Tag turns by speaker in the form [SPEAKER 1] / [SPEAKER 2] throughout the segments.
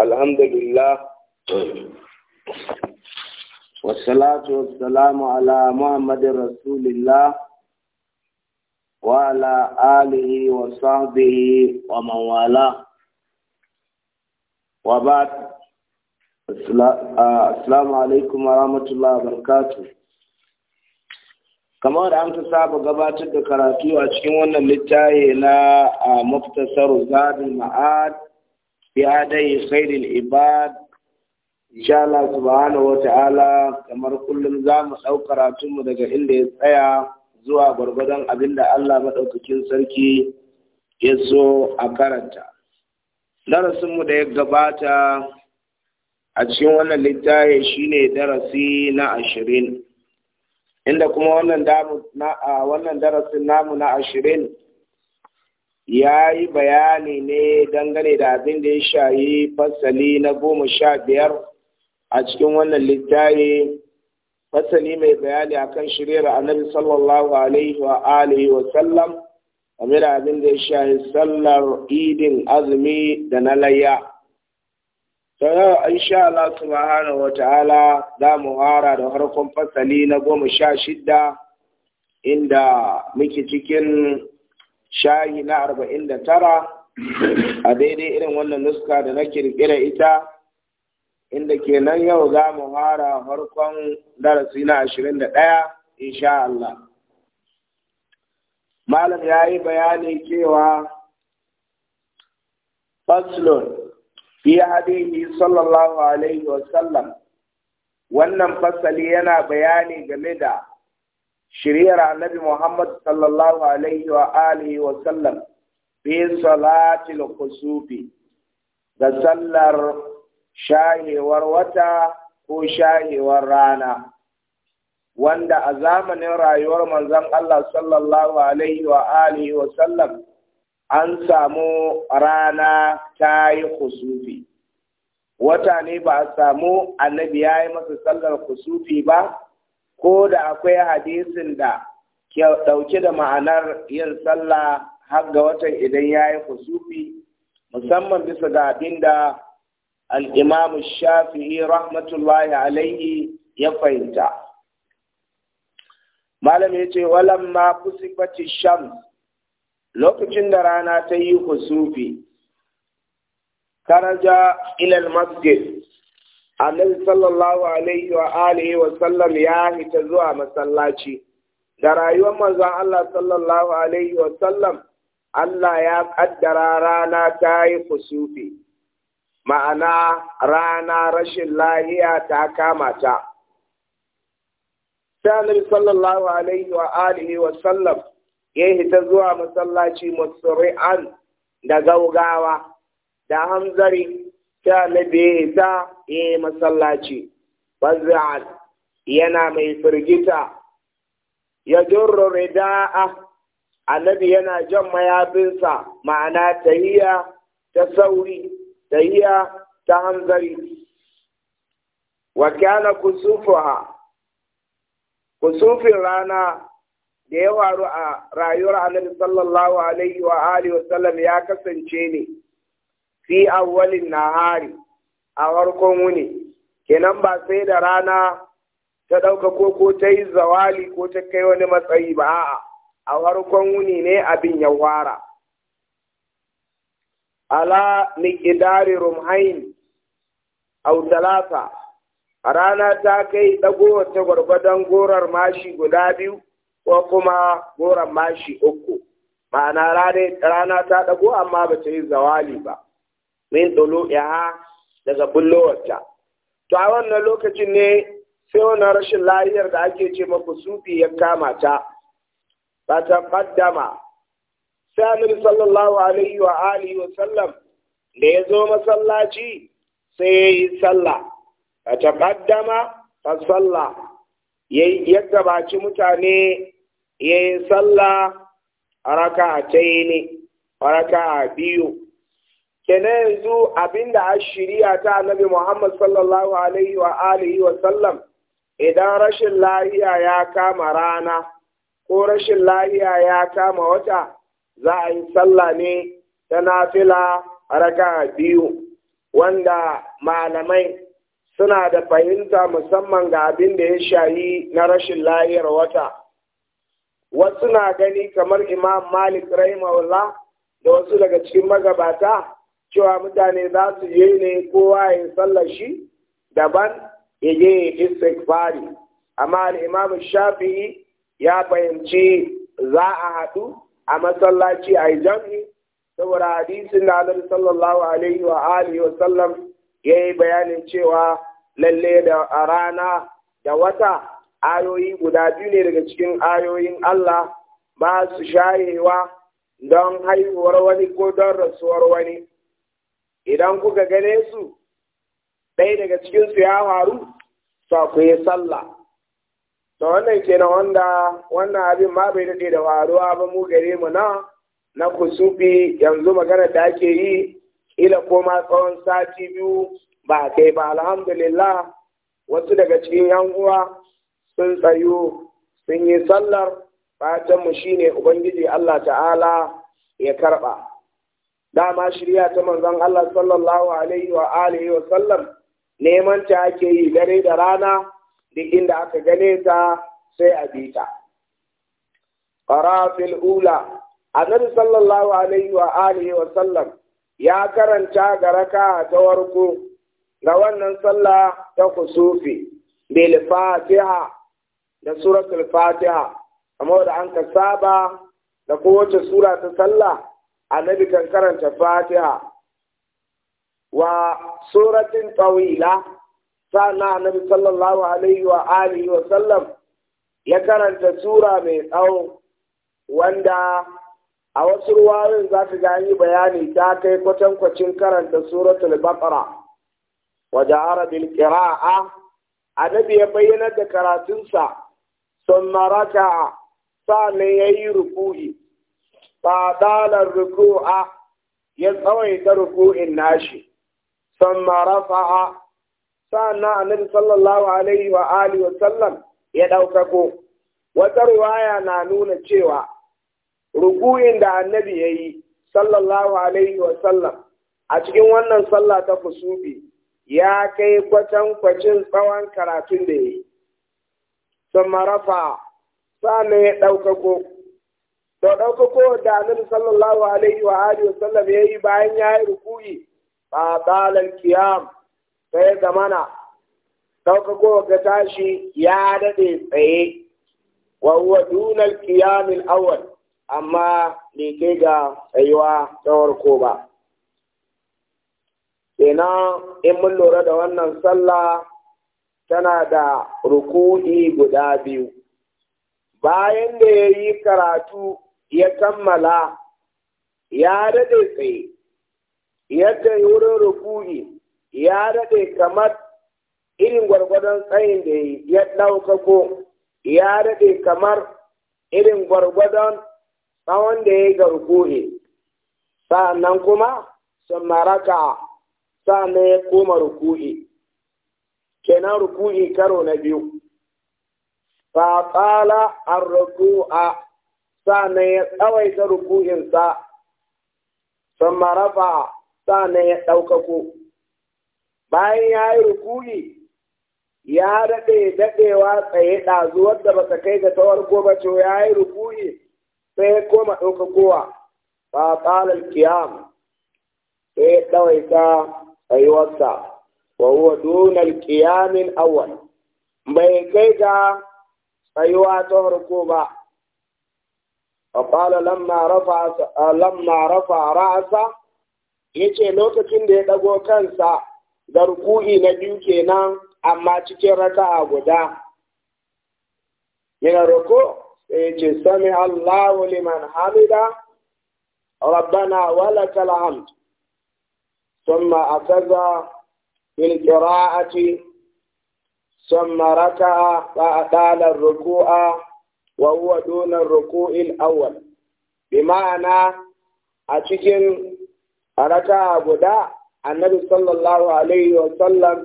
[SPEAKER 1] alhamdulillah لله wasalamu ala على rasulillah wa الله وعلى wa وصحبه wa والاه وبعد السلام عليكم assalamu alaikum wa kamar da an ta saba gabatar da karatu a cikin wannan littafi na uh, muftasar zabi ma'ad bi adai khairil ibad insha Allah subhanahu wata'ala kamar kullum za mu ɗaukar mu daga inda ya tsaya zuwa gwargwadon abin da Allah maɗaukakin sarki ya so a karanta. Darasinmu da ya gabata a cikin wannan littafi shine darasi na ashirin, inda kuma wannan darasin namu na ashirin ya yi bayani ne dangane da abin da ya shayi fasali na goma sha biyar a cikin wannan littafi fasali mai bayani akan shirin annabi sallallahu alaihi wa alihi wa sallam game da abin da ya shayi sallar idin azumi da na layya yau insha Allah subhanahu wa ta'ala za mu hara da harkon fasali na goma sha shida inda muke cikin shayi na arba'in da tara a daidai irin wannan nuska da na kirkira ita inda kenan yau za mu fara farkon darasi na ashirin da ɗaya insha Allah. Malam ya yi bayani cewa faslon fi hadihi sallallahu alaihi wasallam wannan fasali yana bayani game da shiriyar annabi Muhammad sallallahu alaihi wa alihi wa sallam fi salatil kusufi da sallar shayewar wata ko shayewar rana wanda a zamanin rayuwar manzon Allah sallallahu alaihi wa alihi wa sallam an samu rana ta yi kusufi wata ne ba a samu annabi ya yi masa sallar kusufi ba ko da akwai hadisin da ke ɗauke da ma'anar yin sallah har ga watan idan ya yi kusufi musamman bisa ga abin da al'imamu shafi'i rahmatullahi alaihi ya fahimta. Malam ya ce, walan ma fusifati shams lokacin da rana ta yi kusufi, karaja ilal masjid annabi sallallahu alaihi wa alihi wa sallam ya hita zuwa masallaci da rayuwar manzon Allah sallallahu alaihi wa sallam Allah ya kaddara rana ta yi kusufi ma'ana rana rashin lahiya ta kama ta sai annabi sallallahu alaihi wa alihi wa sallam ya hita zuwa masallaci musri'an da gaugawa da hamzari ta annabi ya masallaci fazza'an yana mai firgita ya jurru rida'a annabi yana jan mayafinsa ma'ana tahiya ta sauri
[SPEAKER 2] tahiya
[SPEAKER 1] ta hanzari wa kana kusufuha kusufin rana da ya faru a rayuwar annabi sallallahu alaihi wa alihi ya kasance ne fi awwalin nahari a farkon wuni kenan ba sai da rana ta ɗauka ko ko ta yi zawali ko ta kai wani matsayi ba a'a a farkon wuni ne abin ya wara ala miqdari rumhain aw talata rana ta kai ɗagowar wata gwargwadon gorar mashi guda biyu ko kuma gorar mashi uku ma'ana rana ta ɗago amma ba ta yi zawali ba min ya daga bullowarta. To a wannan lokacin ne sai wannan rashin lahiyar da ake ce maku sufi ya kama ta, ba ta faddama. Sai Annabi sallallahu alaihi wa alihi wa sallam da ya zo masallaci sai ya yi sallah, ba ta faddama ta sallah, ya gabaci mutane ya yi sallah a raka a biyu. kene yanzu abinda a shirya ta annabi Muhammad sallallahu alaihi wa alihi wa sallam idan rashin lahiya ya kama rana ko rashin lahiya ya kama wata za a yi sallah ne ta nafila raka biyu wanda malamai suna da fahimta musamman ga abin da ya shayi na rashin lahiyar wata wasu na gani kamar imam malik rahimahullah da wasu daga cikin magabata cewa mutane za su je ne kowa ya sallar shi daban ya je istighfari amma al-imam shafi'i ya fahimci za a haɗu a masallaci a jam'i saboda hadisin da Allah sallallahu alaihi wa alihi wa sallam yayi bayanin cewa lalle da rana da wata ayoyi guda biyu ne daga cikin ayoyin Allah ba su shayewa don haihuwar wani ko don rasuwar wani idan kuka gane su ɗaya daga cikinsu ya faru to ku yi sallah to wannan kenan wanda wannan abin ma bai daɗe da faruwa ba mu gare mu na na kusufi yanzu magana da ake yi ila koma tsawon sati biyu ba kai ba alhamdulillah wasu daga cikin yan uwa sun tsayo sun yi sallar Fatanmu mu shine ubangiji Allah ta'ala ya karɓa. dama shirya ta manzon Allah sallallahu alaihi wa alihi wa sallam neman ta ake yi dare da rana duk inda aka gane ta sai a bi ta qarafil ula annabi sallallahu alaihi wa alihi wa sallam ya karanta ga raka ta warko ga wannan sallah ta kusufi bil fatiha da suratul fatiha kamar da an ka saba da kowace sura ta sallah annabi kan karanta fatiha wa suratin tawila sana annabi sallallahu alaihi wa alihi wa sallam ya karanta sura mai tsawo wanda a wasu ruwayoyin za ka gani bayani ta kai kwatankwacin karanta suratul baqara wa ja'ara bil qira'a annabi ya bayyana da karatunsa sun maraka sa ya yayi ruku'i fa dalar ruku'a ya tsawaita ruku'in nashi sun rafa'a sannan annabi sallallahu wa alihi wa sallam ya ɗaukako wata ruwaya na nuna cewa ruku'in da annabi ya yi sallallahu alaihi wa sallam a cikin wannan sallah ta kusufi ya kai kwatankwacin tsawon karatun da ya yi sun marafa sannan ya ɗaukako to ko da annabi sallallahu alaihi wa alihi wa sallam yayi bayan ya yi ruku'i ba balal kiyam sai zamana ko ga tashi ya daɗe tsaye wa huwa dunal kiyamil awwal amma bai kai ga tsayuwa ta farko ba kenan in mun lura da wannan sallah tana da ruku'i guda biyu bayan da ya yi karatu ya kammala ya daɗe tsaye ya kai wurin ruku'i ya dade kamar irin gwargwadon tsayin da ya ɗauka ko ya dade kamar irin gwargwadon tsawon da ya yi ga ruku'i kuma sun maraka sa'annan ya koma ruku'i kenan ruku'i karo na biyu fa tsala an ruku'a sannan ya tsawaita ruku'insa sun marafa sannan ya ɗaukako bayan ya yi ruku'i ya daɗe daɗewa tsaye ɗazuwar da ba ta kai ga tawar ba ce ya yi ruku'i sai ya koma ɗaukakowa ba tsalar kiyam sai ya ɗawaita tsayuwarsa wa huwa dunal kiyamin awal bai kai ga tsayuwa ta farko ba فقال لما رفع لما رفع رأسه yace lokacin da ya ɗago kansa da ruku'i na biyu kenan amma cikin raka'a guda yana roko sai yace sami Allahu liman hamida rabbana walakal hamd thumma akaza bil qira'ati thumma raka'a fa adala ruku'a wa huwa duna ruku'il awwal bi ma'ana a cikin raka'a guda annabi sallallahu alaihi wa sallam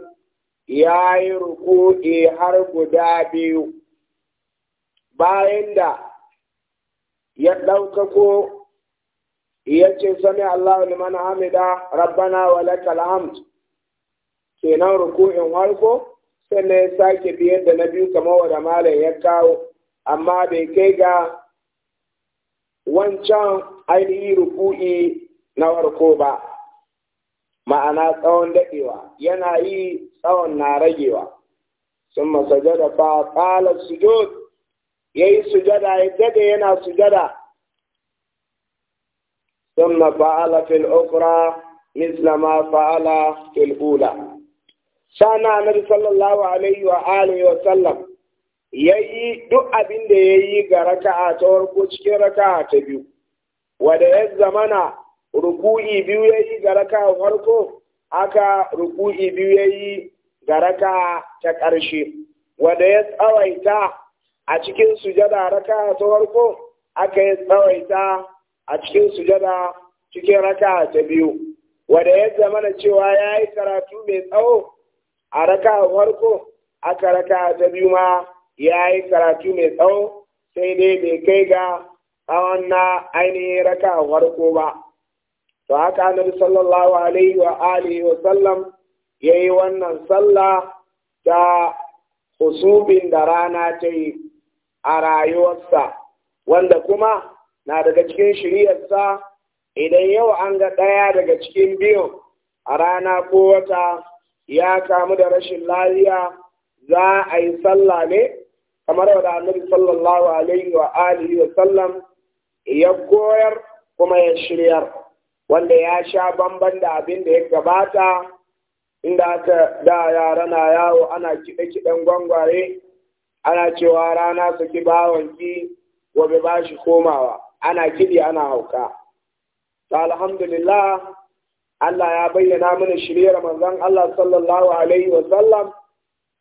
[SPEAKER 1] ya yi ruku'i har guda biyu bayan da ya ɗaukako ya ce sami Allah liman hamida rabbana wa lakal hamd kenan ruku'in harko sannan ya sake biyar da na biyu kamar wanda malam ya kawo amma bai kai ga wancan ainihin ruku'i na warko ba ma'ana tsawon daɗewa yana yi tsawon na ragewa sun masajada fa ƙala sujud ya yi sujada ya daga yana sujada sun fa'ala fil okura misla ma fa'ala fil ula sana annabi sallallahu alaihi wa alihi wa sallam ya yi duk abin da ya yi ga raka'a ta farko cikin raka'a ta biyu wanda ya zamana ruku'i biyu ya yi ga raka'a farko aka ruku'i biyu ya yi ga raka'a ta ƙarshe wanda ya tsawaita a cikin sujada raka'a ta farko aka yi tsawaita a cikin sujada cikin raka'a ta biyu wanda ya zamana cewa ya yi karatu mai tsawo a raka'a farko aka raka'a ta biyu ma ya yi karatu mai tsawo sai dai bai kai ga tsawon na ainihin raka warko ba to haka annabi sallallahu alaihi wa alihi wa sallam ya yi wannan sallah ta husubin da rana ta yi a rayuwarsa wanda kuma na daga cikin shiriyarsa idan yau an ga ɗaya daga cikin biyu a rana ko wata ya kamu da rashin lafiya za a yi sallah ne kamar yadda annabi sallallahu alaihi wa alihi wa sallam ya koyar kuma ya shiryar wanda ya sha bamban da abin da ya gabata inda aka da yara na yawo ana kiɗe-kiɗen gwangware ana cewa rana ki bawanki gobe ba shi komawa ana kiɗi ana hauka ta alhamdulillah Allah ya bayyana mana shirya manzon Allah sallallahu alaihi wa sallam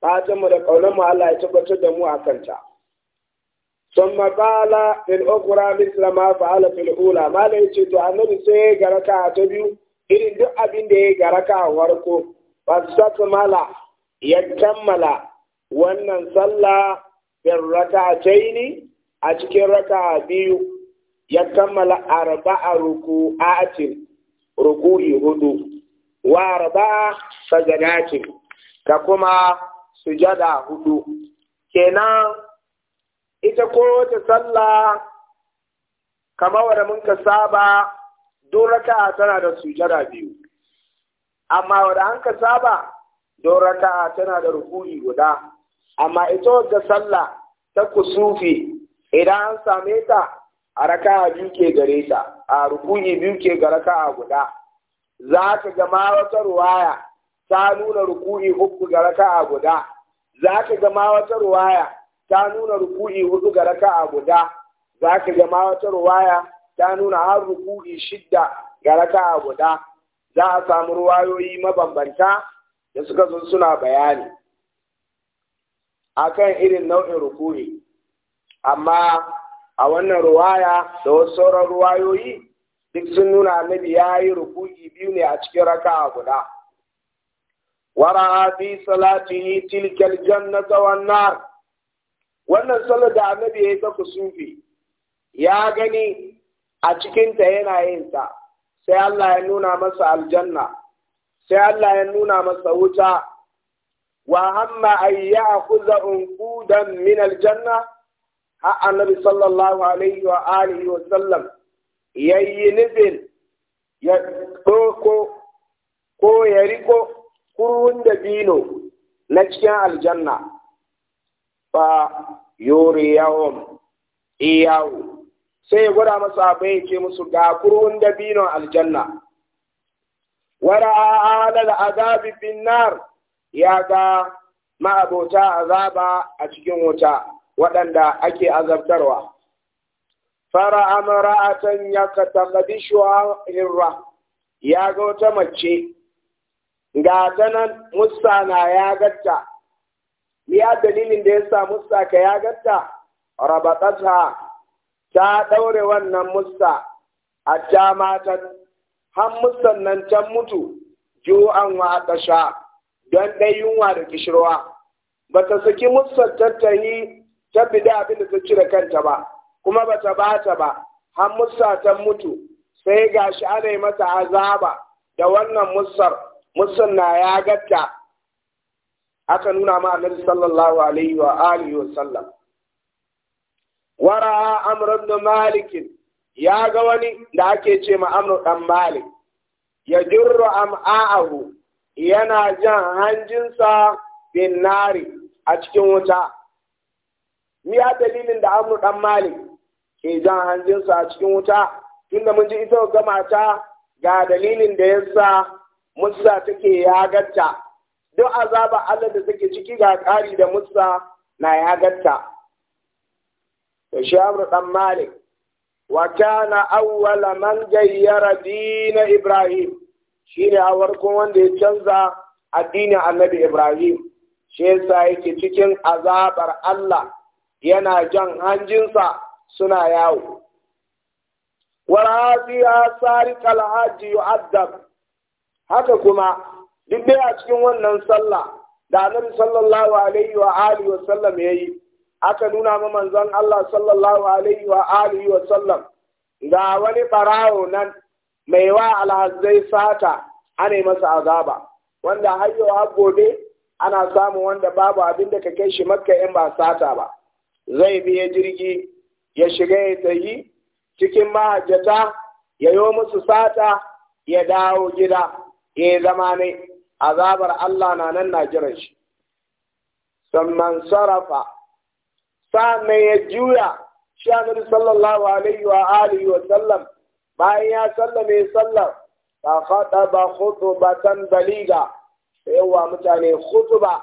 [SPEAKER 1] fatan da ƙaunar mu Allah ya tabbatar da mu a kanta ثم قال في الأخرى مثل ما فعل في الأولى ما ليس to annabi sai gara raka'a ta biyu irin duk abin da ya ga raka'a warko mala ya kammala wannan sallah bin raka'ataini a cikin raka biyu ya kammala arba'a ruku'atin ruku'i hudu wa arba'a sajadatin ka kuma sujada hudu kenan ita ko ta sallah kamar mun ka saba don raka'a tana da sujada biyu amma wanda an ka saba don raka'a tana da rukuni guda amma ita wadda sallah ta kusufi idan an same ta a raka'a biyu ke gare ta a rukuni biyu ke ga raka'a guda za ka gama wata ruwaya ta nuna rukuni uku ga raka'a guda za ka gama wata ruwaya ta nuna ruku'i hudu ga a guda za ka gama wata ruwaya ta nuna har ruku'i shidda ga raka a guda za a samu ruwayoyi mabambanta da suka zo suna bayani akan irin nau'in ruku'i amma a wannan ruwaya da wasu sauran ruwayoyi duk sun nuna annabi ya yi ruku'i biyu ne a cikin raka a guda ورأى في صلاته تلك الجنة nar. wannan sallar da annabi ya yi ta kusufi ya gani a cikinta yana yin ta sai Allah ya nuna masa aljanna sai Allah ya nuna masa wuta wa hamma an ya'khudha unqudan min aljanna ha annabi sallallahu alaihi wa alihi wa sallam yayi ya ko ko ya riko da dabino na cikin aljanna ba yore yawon iyawu sai ya gwada masu abin ya ce musu ga kurwun dabinon aljanna wara alal azabi binar ya ga ma'abota azaba a cikin wuta waɗanda ake azabtarwa fara amra'atan shuwa hirra ya ga wata mace ga tanan musa na ya gatta ya dalilin da ya sa musa ka ya gatta rabatata ta daure wannan musa a ta matan har musan nan can mutu ju'an wa atasha don ɗai yunwa da kishirwa ba ta saki Musar tattani ta fida abin da ta cire kanta ba kuma ba ta bata ba har musa ta mutu sai gashi ana yi mata azaba da wannan musar musanna ya gata. aka nuna ma annabi sallallahu alaihi wa alihi wa sallam wara Amurin da malik ya ga wani da ake ce ma amr dan malik ya jurru am'a'ahu yana jan hanjinsa bin nari a cikin wuta ni ya dalilin da amr dan malik ke jan hanjinsa a cikin wuta tunda mun ji ita ga mata ga dalilin da yasa musa take yagarta duk azaba Allah da take ciki ga kari da musa na yagarta to shi amru dan malik wa kana awwal man gayyara din ibrahim shine a wanda ya canza addinin annabi ibrahim shi yasa yake cikin azabar Allah yana jan hanjinsa suna yawo warazi ya sari kalhaji yu'addab haka kuma duk dai a cikin wannan sallah da annabi sallallahu alaihi wa alihi wa sallam yayi aka nuna ma manzon Allah sallallahu alaihi wa alihi wa sallam ga wani barawo nan mai wa alhazai sata ana masa azaba wanda har yau gobe ana samun wanda babu abin da ka kai shi makka in ba sata ba zai biya jirgi ya shiga ya tayi cikin mahajjata ya yo musu sata ya dawo gida e zama ne azabar Allah na nan na jiran shi sannan sarafa sannan ya juya shi annabi sallallahu alaihi wa alihi wa sallam bayan ya sallame sallar ta khataba khutbatan baliga yawa mutane khutba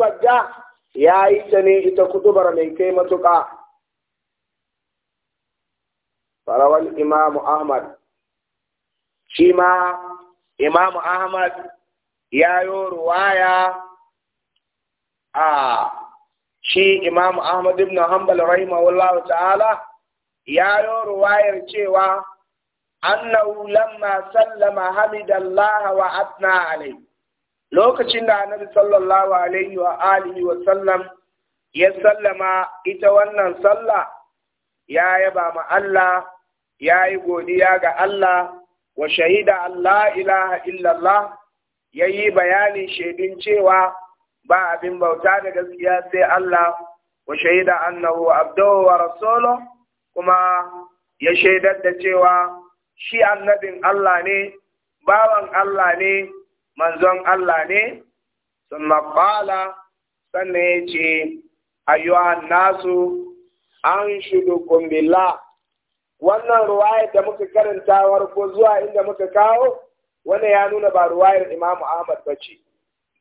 [SPEAKER 1] ba ja yayi ta ne ita kudubar mai kai matuƙa farawal imamu ahmad shi ma Imam Ahmad ya yi ruwaya a shi Imam Ahmad ibn Hanbal rahimahullahu ta'ala ya yi ruwayar cewa annahu lamma sallama hamidallaha wa atna alai lokacin da annabi sallallahu alaihi wa alihi wa sallam ya sallama ita wannan sallah ya yaba ma Allah ya yi godiya ga Allah wa shahida Allah ilaha illallah ya yi bayanin shaidun cewa ba abin bauta da gaskiya sai Allah wa shaida annahu abduhu wa rasulu kuma ya shaidar da cewa shi annabin Allah ne bawan Allah ne manzon Allah ne sun maƙala sannan ya ce ayyuhan nasu an shudu kumbila wannan ruwayar da muka karanta warko zuwa inda muka kawo wannan ya nuna ba ruwayar Imam Ahmad ba ce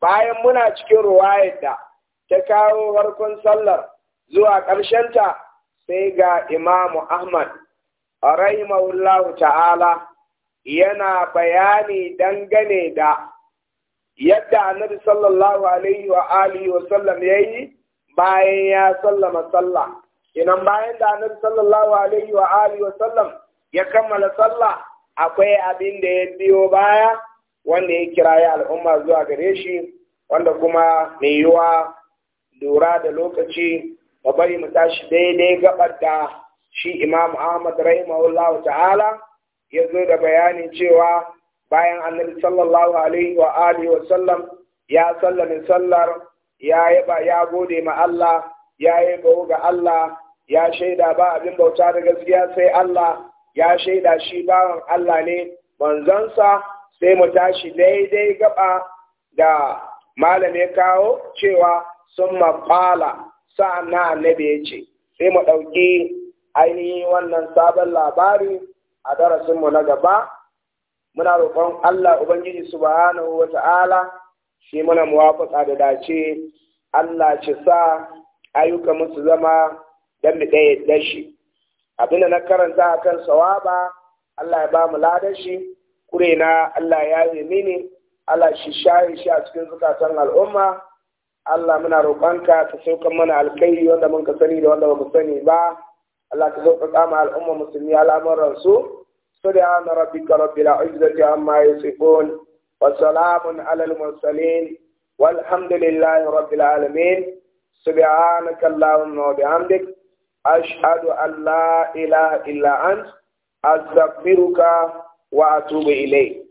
[SPEAKER 1] bayan muna cikin ruwayar da ta kawo farkon sallar zuwa ta, sai ga Imam Ahmad rahimahullahu ta'ala yana bayani dangane da yadda annabi sallallahu alaihi wa alihi wa sallam yayi bayan ya sallama sallah Inan bayan da Annabi sallallahu alaihi wa alihi wa sallam ya kammala sallah akwai abin da ya biyo baya wanda ya kiraya al'umma zuwa gare shi wanda kuma mai yiwa lura da lokaci ba bari mu tashi daidai gabar da shi Imam Ahmad rahimahullahu ta'ala ya zo da bayanin cewa bayan Annabi sallallahu alaihi wa alihi wa sallam ya sallame sallar ya yaba ya gode ma Allah ya yaba ga Allah ya shaida ba abin bauta da gaskiya sai Allah ya shaida shi bawan Allah ne manzansa sai mu tashi daidai gaba da malam ya kawo cewa sun maƙala sa'an na annabi ya ce sai mu ɗauki ainihin wannan sabon labari a darasinmu na gaba muna roƙon Allah Ubangiji subhanahu wa ta'ala shi muna muwafaƙa da dace Allah ci sa ayyuka musu zama don mu ɗaya da shi abinda na karanta a kan sawaba Allah ya ba mu ladan shi kure na Allah ya yi mini Allah shi shaye shi a cikin zukatan al'umma Allah muna roƙonka ka saukan mana alkhairi wanda mun ka sani da wanda ba mu sani ba Allah ka sauƙaƙa ma al'umma musulmi al'amuran su سبحان ربك رب العزة عما يصفون وسلام على المرسلين والحمد لله رب العالمين سبحانك اللهم وبحمدك ashhadu an la ilaha illa ant astaghfiruka wa atubu ilayk